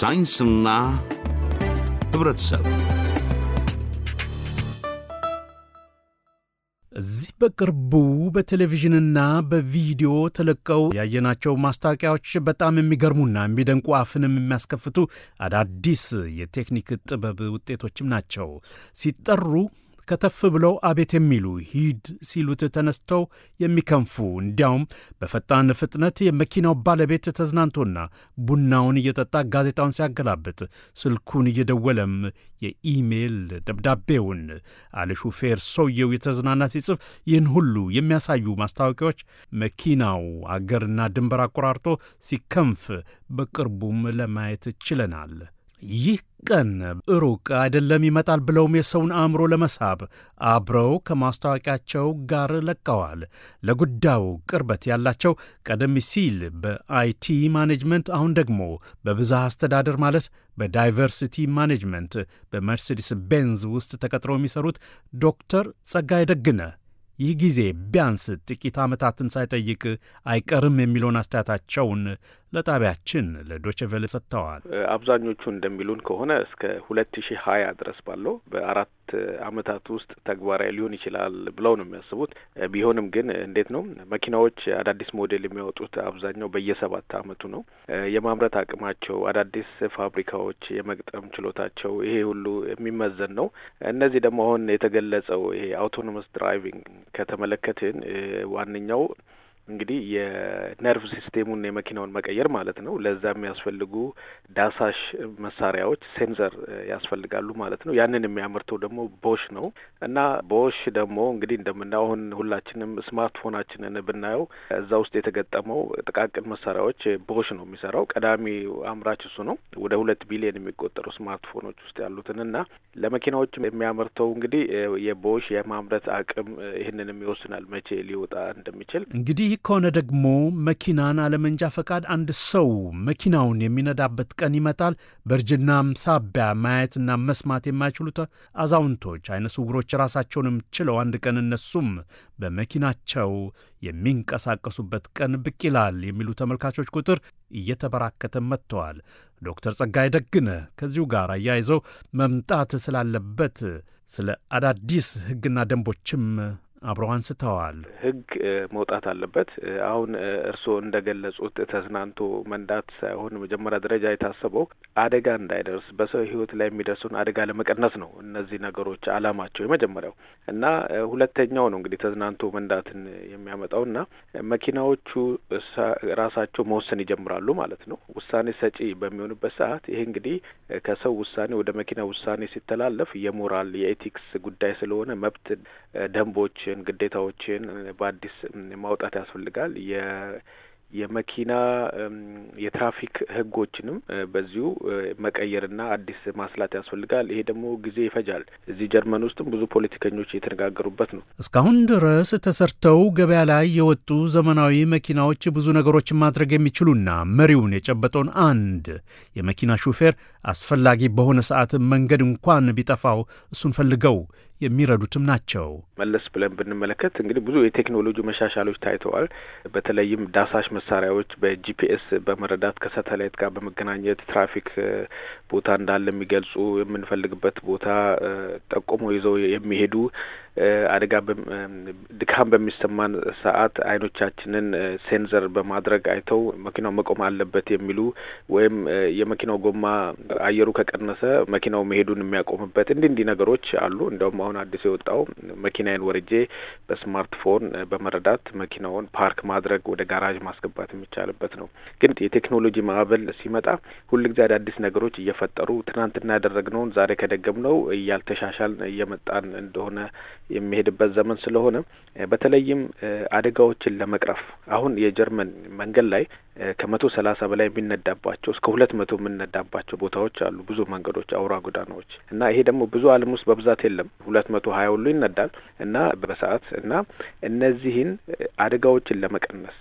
ሳይንስና ህብረተሰብ እዚህ በቅርቡ በቴሌቪዥንና በቪዲዮ ተለቀው ያየናቸው ማስታወቂያዎች በጣም የሚገርሙና የሚደንቁ አፍንም የሚያስከፍቱ አዳዲስ የቴክኒክ ጥበብ ውጤቶችም ናቸው ሲጠሩ ከተፍ ብለው አቤት የሚሉ ሂድ ሲሉት ተነስተው የሚከንፉ እንዲያውም በፈጣን ፍጥነት የመኪናው ባለቤት ተዝናንቶና ቡናውን እየጠጣ ጋዜጣውን ሲያገላብጥ ስልኩን እየደወለም የኢሜል ደብዳቤውን አለ ሹፌር ሰውየው የተዝናና ሲጽፍ ይህን ሁሉ የሚያሳዩ ማስታወቂያዎች መኪናው አገርና ድንበር አቆራርጦ ሲከንፍ በቅርቡም ለማየት ችለናል። ይህ ቀን ሩቅ አይደለም ይመጣል ብለውም የሰውን አእምሮ ለመሳብ አብረው ከማስታወቂያቸው ጋር ለቀዋል። ለጉዳዩ ቅርበት ያላቸው ቀደም ሲል በአይቲ ማኔጅመንት፣ አሁን ደግሞ በብዝሃ አስተዳደር ማለት በዳይቨርሲቲ ማኔጅመንት በመርሴዲስ ቤንዝ ውስጥ ተቀጥረው የሚሰሩት ዶክተር ጸጋይ ደግነህ ይህ ጊዜ ቢያንስ ጥቂት ዓመታትን ሳይጠይቅ አይቀርም የሚለውን አስተያየታቸውን ለጣቢያችን ለዶችቬሌ ሰጥተዋል። አብዛኞቹ እንደሚሉን ከሆነ እስከ ሁለት ሺህ ሀያ ድረስ ባለው በአራት ሁለት አመታት ውስጥ ተግባራዊ ሊሆን ይችላል ብለው ነው የሚያስቡት። ቢሆንም ግን እንዴት ነው መኪናዎች አዳዲስ ሞዴል የሚያወጡት አብዛኛው በየሰባት አመቱ ነው። የማምረት አቅማቸው፣ አዳዲስ ፋብሪካዎች የመግጠም ችሎታቸው ይሄ ሁሉ የሚመዘን ነው። እነዚህ ደግሞ አሁን የተገለጸው ይሄ አውቶኖመስ ድራይቪንግ ከተመለከትን ዋነኛው እንግዲህ የነርቭ ሲስቴሙን የመኪናውን መቀየር ማለት ነው። ለዛ የሚያስፈልጉ ዳሳሽ መሳሪያዎች ሴንሰር ያስፈልጋሉ ማለት ነው። ያንን የሚያመርተው ደግሞ ቦሽ ነው እና ቦሽ ደግሞ እንግዲህ እንደምናየው አሁን ሁላችንም ስማርትፎናችንን ብናየው እዛ ውስጥ የተገጠመው ጥቃቅን መሳሪያዎች ቦሽ ነው የሚሰራው። ቀዳሚ አምራች እሱ ነው ወደ ሁለት ቢሊዮን የሚቆጠሩ ስማርትፎኖች ውስጥ ያሉትን እና ለመኪናዎች የሚያመርተው እንግዲህ የቦሽ የማምረት አቅም ይህንንም ይወስናል መቼ ሊወጣ እንደሚችል እንግዲህ ይህ ከሆነ ደግሞ መኪናን አለመንጃ ፈቃድ አንድ ሰው መኪናውን የሚነዳበት ቀን ይመጣል። በእርጅናም ሳቢያ ማየትና መስማት የማይችሉት አዛውንቶች፣ አይነ ስውሮች ራሳቸውንም ችለው አንድ ቀን እነሱም በመኪናቸው የሚንቀሳቀሱበት ቀን ብቅ ይላል የሚሉ ተመልካቾች ቁጥር እየተበራከተ መጥተዋል። ዶክተር ጸጋይ ደግነ ከዚሁ ጋር አያይዘው መምጣት ስላለበት ስለ አዳዲስ ሕግና ደንቦችም አብረው አንስተዋል። ህግ መውጣት አለበት። አሁን እርስዎ እንደገለጹት ተዝናንቶ መንዳት ሳይሆን መጀመሪያ ደረጃ የታሰበው አደጋ እንዳይደርስ በሰው ህይወት ላይ የሚደርሱን አደጋ ለመቀነስ ነው። እነዚህ ነገሮች አላማቸው የመጀመሪያው እና ሁለተኛው ነው እንግዲህ ተዝናንቶ መንዳትን የሚያመጣው እና መኪናዎቹ ራሳቸው መወሰን ይጀምራሉ ማለት ነው። ውሳኔ ሰጪ በሚሆኑበት ሰዓት ይሄ እንግዲህ ከሰው ውሳኔ ወደ መኪና ውሳኔ ሲተላለፍ የሞራል የኤቲክስ ጉዳይ ስለሆነ መብት ደንቦች ስራዎችን፣ ግዴታዎችን በአዲስ ማውጣት ያስፈልጋል። የመኪና የትራፊክ ህጎችንም በዚሁ መቀየርና አዲስ ማስላት ያስፈልጋል። ይሄ ደግሞ ጊዜ ይፈጃል። እዚህ ጀርመን ውስጥም ብዙ ፖለቲከኞች እየተነጋገሩበት ነው። እስካሁን ድረስ ተሰርተው ገበያ ላይ የወጡ ዘመናዊ መኪናዎች ብዙ ነገሮችን ማድረግ የሚችሉና መሪውን የጨበጠውን አንድ የመኪና ሹፌር አስፈላጊ በሆነ ሰዓት መንገድ እንኳን ቢጠፋው እሱን ፈልገው የሚረዱትም ናቸው። መለስ ብለን ብንመለከት እንግዲህ ብዙ የቴክኖሎጂ መሻሻሎች ታይተዋል። በተለይም ዳሳሽ መሳሪያዎች በጂፒኤስ በመረዳት ከሳተላይት ጋር በመገናኘት ትራፊክ ቦታ እንዳለ የሚገልጹ የምንፈልግበት ቦታ ጠቁሞ ይዘው የሚሄዱ አደጋ ድካም በሚሰማን ሰዓት አይኖቻችንን ሴንዘር በማድረግ አይተው መኪናው መቆም አለበት የሚሉ ወይም የመኪናው ጎማ አየሩ ከቀነሰ መኪናው መሄዱን የሚያቆምበት እንዲህ እንዲህ ነገሮች አሉ። እንደውም አሁን አዲስ የወጣው መኪናዬን ወርጄ በስማርትፎን በመረዳት መኪናውን ፓርክ ማድረግ ወደ ጋራዥ ማስገባት የሚቻልበት ነው። ግን የቴክኖሎጂ ማዕበል ሲመጣ ሁልጊዜ አዳዲስ ነገሮች እየፈጠሩ ትናንትና ያደረግነውን ዛሬ ከደገምነው እያልተሻሻል እየመጣን እንደሆነ የሚሄድበት ዘመን ስለሆነ በተለይም አደጋዎችን ለመቅረፍ አሁን የጀርመን መንገድ ላይ ከመቶ ሰላሳ በላይ የሚነዳባቸው እስከ ሁለት መቶ የምነዳባቸው ቦታዎች አሉ። ብዙ መንገዶች፣ አውራ ጎዳናዎች እና ይሄ ደግሞ ብዙ ዓለም ውስጥ በብዛት የለም። ሁለት መቶ ሀያ ሁሉ ይነዳል እና በሰዓት እና እነዚህን አደጋዎችን ለመቀነስ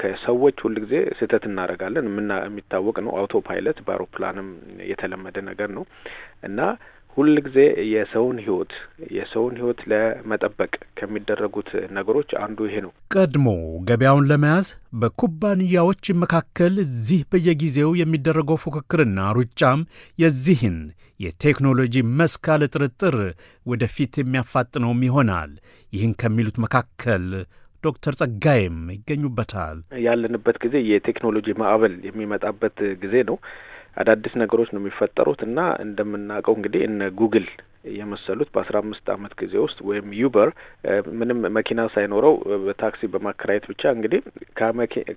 ከሰዎች ሁል ጊዜ ስህተት እናደርጋለን። የምና የሚታወቅ ነው። አውቶ ፓይለት በአውሮፕላንም የተለመደ ነገር ነው እና ጊዜ የሰውን ህይወት የሰውን ህይወት ለመጠበቅ ከሚደረጉት ነገሮች አንዱ ይሄ ነው። ቀድሞ ገበያውን ለመያዝ በኩባንያዎች መካከል እዚህ በየጊዜው የሚደረገው ፉክክርና ሩጫም የዚህን የቴክኖሎጂ መስክ ያለ ጥርጥር ወደፊት የሚያፋጥነውም ይሆናል። ይህን ከሚሉት መካከል ዶክተር ጸጋይም ይገኙበታል። ያለንበት ጊዜ የቴክኖሎጂ ማዕበል የሚመጣበት ጊዜ ነው። አዳዲስ ነገሮች ነው የሚፈጠሩት እና እንደምናውቀው እንግዲህ እነ ጉግል የመሰሉት በአስራ አምስት አመት ጊዜ ውስጥ ወይም ዩበር ምንም መኪና ሳይኖረው በታክሲ በማከራየት ብቻ እንግዲህ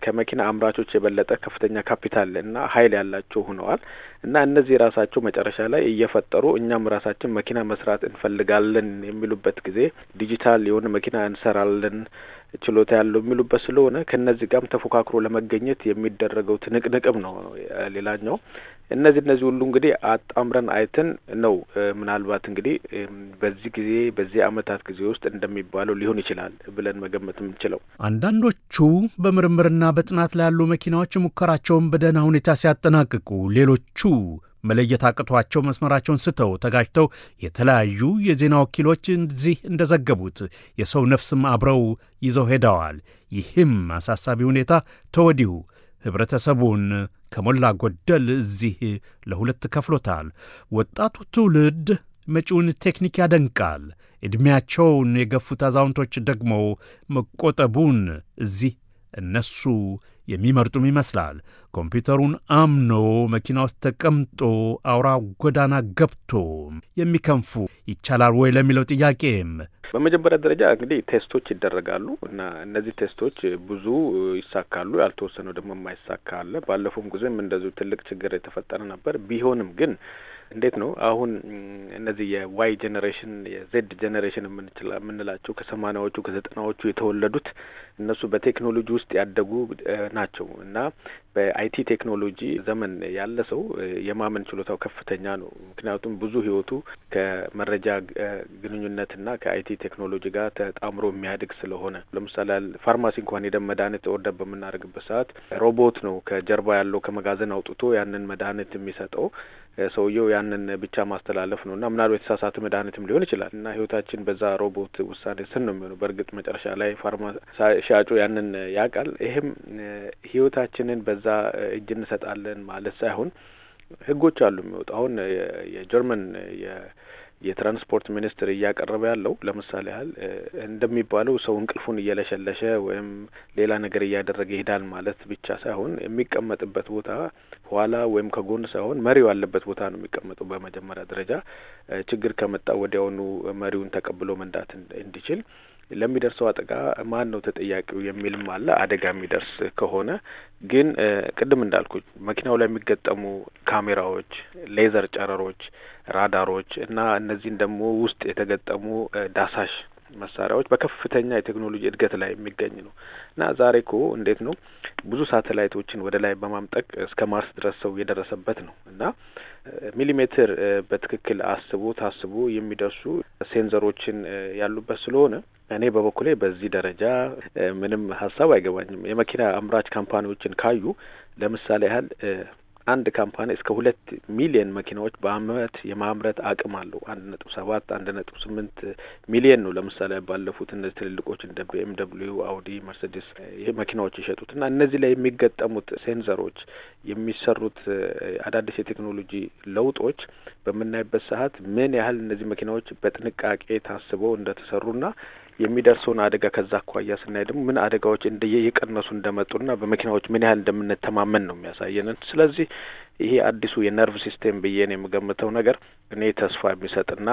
ከመኪና አምራቾች የበለጠ ከፍተኛ ካፒታል እና ኃይል ያላቸው ሆነዋል እና እነዚህ ራሳቸው መጨረሻ ላይ እየፈጠሩ እኛም ራሳችን መኪና መስራት እንፈልጋለን የሚሉበት ጊዜ ዲጂታል የሆነ መኪና እንሰራለን ችሎታ ያለው የሚሉበት ስለሆነ ከእነዚህ ጋርም ተፎካክሮ ለመገኘት የሚደረገው ትንቅንቅም ነው ሌላኛው። እነዚህ እነዚህ ሁሉ እንግዲህ አጣምረን አይተን ነው ምናልባት እንግዲህ በዚህ ጊዜ በዚህ አመታት ጊዜ ውስጥ እንደሚባለው ሊሆን ይችላል ብለን መገመት የምንችለው። አንዳንዶቹ በምርምርና በጥናት ላይ ያሉ መኪናዎች ሙከራቸውን በደህና ሁኔታ ሲያጠናቅቁ፣ ሌሎቹ መለየት አቅቷቸው መስመራቸውን ስተው ተጋጅተው የተለያዩ የዜና ወኪሎች እንዚህ እንደዘገቡት የሰው ነፍስም አብረው ይዘው ሄደዋል። ይህም አሳሳቢ ሁኔታ ተወዲሁ ኅብረተሰቡን ከሞላ ጎደል እዚህ ለሁለት ከፍሎታል። ወጣቱ ትውልድ መጪውን ቴክኒክ ያደንቃል። ዕድሜያቸውን የገፉት አዛውንቶች ደግሞ መቆጠቡን እዚህ እነሱ የሚመርጡም ይመስላል። ኮምፒውተሩን አምኖ መኪና ውስጥ ተቀምጦ አውራ ጎዳና ገብቶ የሚከንፉ ይቻላል ወይ ለሚለው ጥያቄም በመጀመሪያ ደረጃ እንግዲህ ቴስቶች ይደረጋሉ እና እነዚህ ቴስቶች ብዙ ይሳካሉ፣ ያልተወሰነው ደግሞ የማይሳካ አለ። ባለፈውም ጊዜም እንደዚሁ ትልቅ ችግር የተፈጠረ ነበር። ቢሆንም ግን እንዴት ነው አሁን እነዚህ የዋይ ጄኔሬሽን የዜድ ጄኔሬሽን የምንላቸው ከሰማናዎቹ ከዘጠናዎቹ የተወለዱት እነሱ በቴክኖሎጂ ውስጥ ያደጉ ናቸው እና በአይቲ ቴክኖሎጂ ዘመን ያለ ሰው የማመን ችሎታው ከፍተኛ ነው። ምክንያቱም ብዙ ህይወቱ ከመረጃ ግንኙነትና ከአይቲ ቴክኖሎጂ ጋር ተጣምሮ የሚያድግ ስለሆነ ለምሳሌ ፋርማሲ እንኳን ሄደን መድኃኒት ኦርደር በምናደርግበት ሰዓት ሮቦት ነው ከጀርባ ያለው ከመጋዘን አውጥቶ ያንን መድኃኒት የሚሰጠው። ሰውየው ያንን ብቻ ማስተላለፍ ነው እና ምናልባት የተሳሳተ መድኃኒትም ሊሆን ይችላል እና ህይወታችን በዛ ሮቦት ውሳኔ ስን ነው የሚሆነው። በእርግጥ መጨረሻ ላይ ፋርማ ሻጩ ያንን ያውቃል። ይህም ህይወታችንን በዛ እጅ እንሰጣለን ማለት ሳይሆን ህጎች አሉ የሚወጡ አሁን የጀርመን የትራንስፖርት ሚኒስቴር እያቀረበ ያለው ለምሳሌ ያህል እንደሚባለው ሰው እንቅልፉን እየለሸለሸ ወይም ሌላ ነገር እያደረገ ይሄዳል ማለት ብቻ ሳይሆን የሚቀመጥበት ቦታ ኋላ ወይም ከጎን ሳይሆን መሪው ያለበት ቦታ ነው የሚቀመጠው። በመጀመሪያ ደረጃ ችግር ከመጣ ወዲያውኑ መሪውን ተቀብሎ መንዳት እንዲችል ለሚደርሰው አደጋ ማን ነው ተጠያቂው የሚልም አለ። አደጋ የሚደርስ ከሆነ ግን ቅድም እንዳልኩ መኪናው ላይ የሚገጠሙ ካሜራዎች፣ ሌዘር ጨረሮች፣ ራዳሮች እና እነዚህን ደግሞ ውስጥ የተገጠሙ ዳሳሽ መሳሪያዎች በከፍተኛ የቴክኖሎጂ እድገት ላይ የሚገኝ ነው እና ዛሬ እኮ እንዴት ነው ብዙ ሳተላይቶችን ወደ ላይ በማምጠቅ እስከ ማርስ ድረስ ሰው የደረሰበት ነው እና ሚሊሜትር በትክክል አስቦ ታስቦ የሚደርሱ ሴንዘሮችን ያሉበት ስለሆነ እኔ በበኩሌ በዚህ ደረጃ ምንም ሀሳብ አይገባኝም። የመኪና አምራች ካምፓኒዎችን ካዩ ለምሳሌ ያህል አንድ ካምፓኒ እስከ ሁለት ሚሊየን መኪናዎች በአመት የማምረት አቅም አለው። አንድ ነጥብ ሰባት አንድ ነጥብ ስምንት ሚሊየን ነው። ለምሳሌ ባለፉት እነዚህ ትልልቆች እንደ ቢኤም ደብሊዩ፣ አውዲ፣ መርሴዲስ መኪናዎች የሸጡት እና እነዚህ ላይ የሚገጠሙት ሴንሰሮች የሚሰሩት አዳዲስ የቴክኖሎጂ ለውጦች በምናይበት ሰዓት ምን ያህል እነዚህ መኪናዎች በጥንቃቄ ታስበው እንደተሰሩና የሚደርሰውን አደጋ ከዛ አኳያ ስናይ ደግሞ ምን አደጋዎች እንደየ የቀነሱ እንደመጡና በመኪናዎች ምን ያህል እንደምንተማመን ነው የሚያሳየንን። ስለዚህ ይሄ አዲሱ የነርቭ ሲስቴም ብዬን የምገምተው ነገር እኔ ተስፋ የሚሰጥና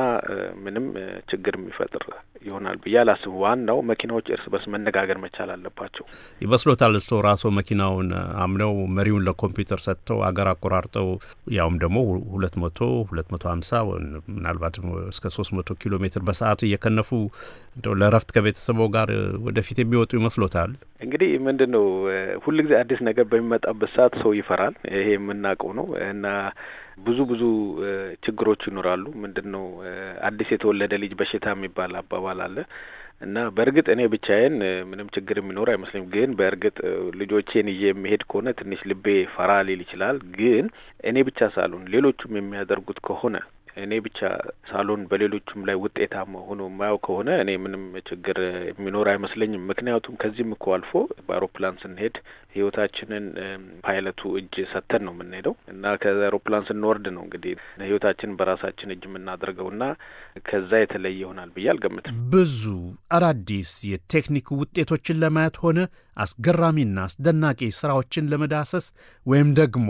ምንም ችግር የሚፈጥር ይሆናል ብዬ አላስብ። ዋናው መኪናዎች እርስ በርስ መነጋገር መቻል አለባቸው ይመስሎታል። እርስዎ ራስዎ መኪናውን አምነው መሪውን ለኮምፒውተር ሰጥተው አገር አቆራርጠው ያውም ደግሞ ሁለት መቶ ሁለት መቶ ሀምሳ ምናልባት እስከ ሶስት መቶ ኪሎ ሜትር በሰዓት እየከነፉ እንደው ለእረፍት ከቤተሰበው ጋር ወደፊት የሚወጡ ይመስሎታል? እንግዲህ ምንድን ነው ሁልጊዜ አዲስ ነገር በሚመጣበት ሰዓት ሰው ይፈራል። ይሄ የምናውቀው ነው እና ብዙ ብዙ ችግሮች ይኖራሉ። ምንድን ነው አዲስ የተወለደ ልጅ በሽታ የሚባል አባባል አለ እና በእርግጥ እኔ ብቻዬን ምንም ችግር የሚኖር አይመስለኝም። ግን በእርግጥ ልጆቼን ይዤ የሚሄድ ከሆነ ትንሽ ልቤ ፈራ ሊል ይችላል። ግን እኔ ብቻ ሳልሆን ሌሎቹም የሚያደርጉት ከሆነ እኔ ብቻ ሳሎን በሌሎችም ላይ ውጤታማ ሆኖ የማየው ከሆነ እኔ ምንም ችግር የሚኖር አይመስለኝም። ምክንያቱም ከዚህም እኮ አልፎ በአውሮፕላን ስንሄድ ህይወታችንን ፓይለቱ እጅ ሰጥተን ነው የምንሄደው እና ከአውሮፕላን ስንወርድ ነው እንግዲህ ህይወታችንን በራሳችን እጅ የምናደርገው እና ከዛ የተለየ ይሆናል ብዬ አልገምትም። ብዙ አዳዲስ የቴክኒክ ውጤቶችን ለማየት ሆነ አስገራሚና አስደናቂ ስራዎችን ለመዳሰስ ወይም ደግሞ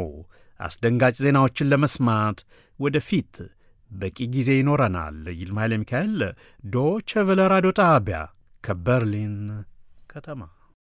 አስደንጋጭ ዜናዎችን ለመስማት ወደፊት በቂ ጊዜ ይኖረናል። ይልማ ኃይለ ሚካኤል ዶቼ ቬለ ራዲዮ ጣቢያ ከበርሊን ከተማ